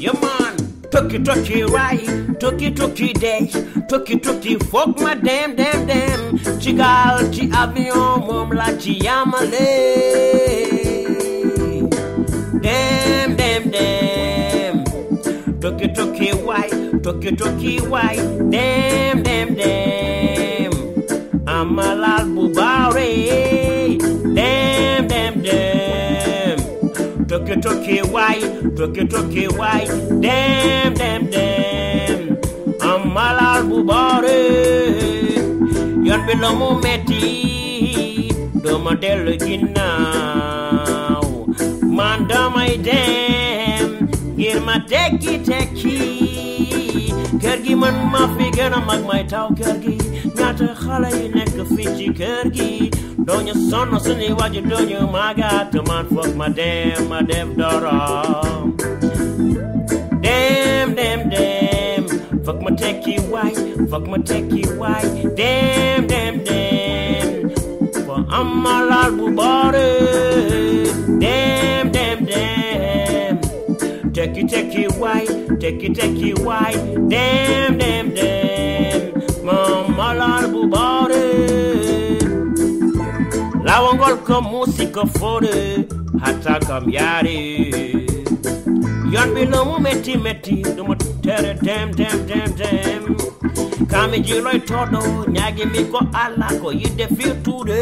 Yeah, man. Tukey tukey right, tukey tukey day, tukey tukey ma dem dem dem ci gaal ci avion moom la ci yamale. Dem dem dem. Tukey tukey waay, tukey tukey waay, dem dem dem. Amala. waay why? Toke toke why? Damn, damn, damn. am malal bu boore yoon bi la mu metti dooma dellu ginnaaw man damay dem ngir ma tekki tekki kër gi man ma fi gën a may taw kër gi ñaata xale yi nekk fii ci kër gi Don't you son or sonny, what you do, you my god, the man fuck my damn, my damn daughter. Damn, damn, damn, fuck my techie white, fuck my techie white, damn, damn, damn, for I'm my life body. Damn, damn, damn, techie, techie moo si ko foore hatta kam yaare yoon bi loo mu metti du ma tere dem dem dem dem kaami jiloy todo ñaagi mi ko alla ko yidde firtuude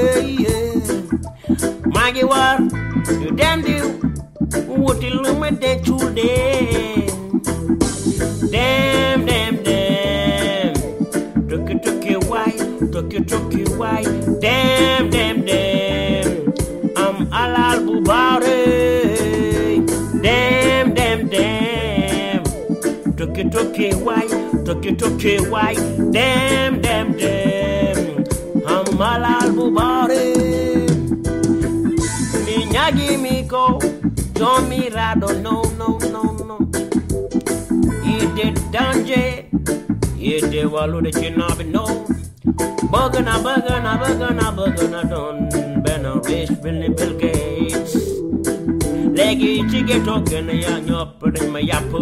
maa ngi war yu dem wuti lu ma dencuude dem dem dem tukki tukki waay tukki tukki waay Toke toke why, toke toke why, damn damn damn, hamalal bubare. Niñagi miko, don't mirado, no no no no. Ide danger, ide walu de chinabi no. Bugana bugana bugana bugana don, Ben Rich Billy Bill Gates. léegi ci gétoo gën yaa ñopp dañ ma yàpp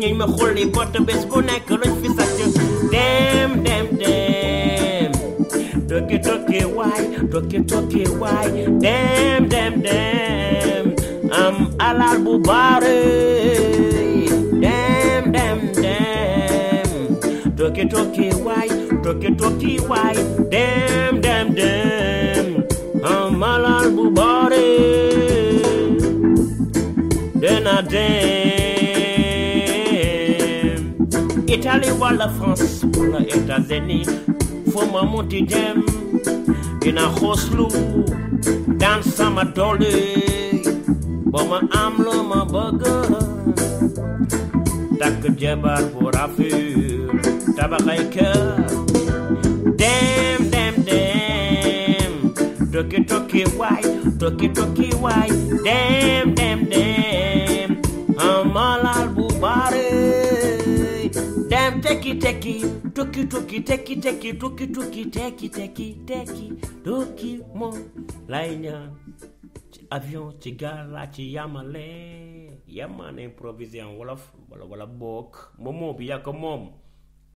ñuñ ma xulli bott bés bu nekk luñ fi sàcc dem dem dem tokki tokki waay tokki tokki waay dem dem dem am alal bu bare dem dem dem tokki tokki waay tokki tokki waay dem dem Italie wala France wala États-Unis foo ma munti dem dina xoslu daan sama doole ba ma am ma bëgg takk jabar bu rafet tabaxay kër dem dem dem tokki tokki waay tokki tokki waay dem tukki tekki tukki tukki tekki tekki tukki tukki tekki tekki tekki tukki moom lay ñaan ci avion ci gaal laa ci yamale yamaan provision en wolof wala wala boog moomoo bi yaa moom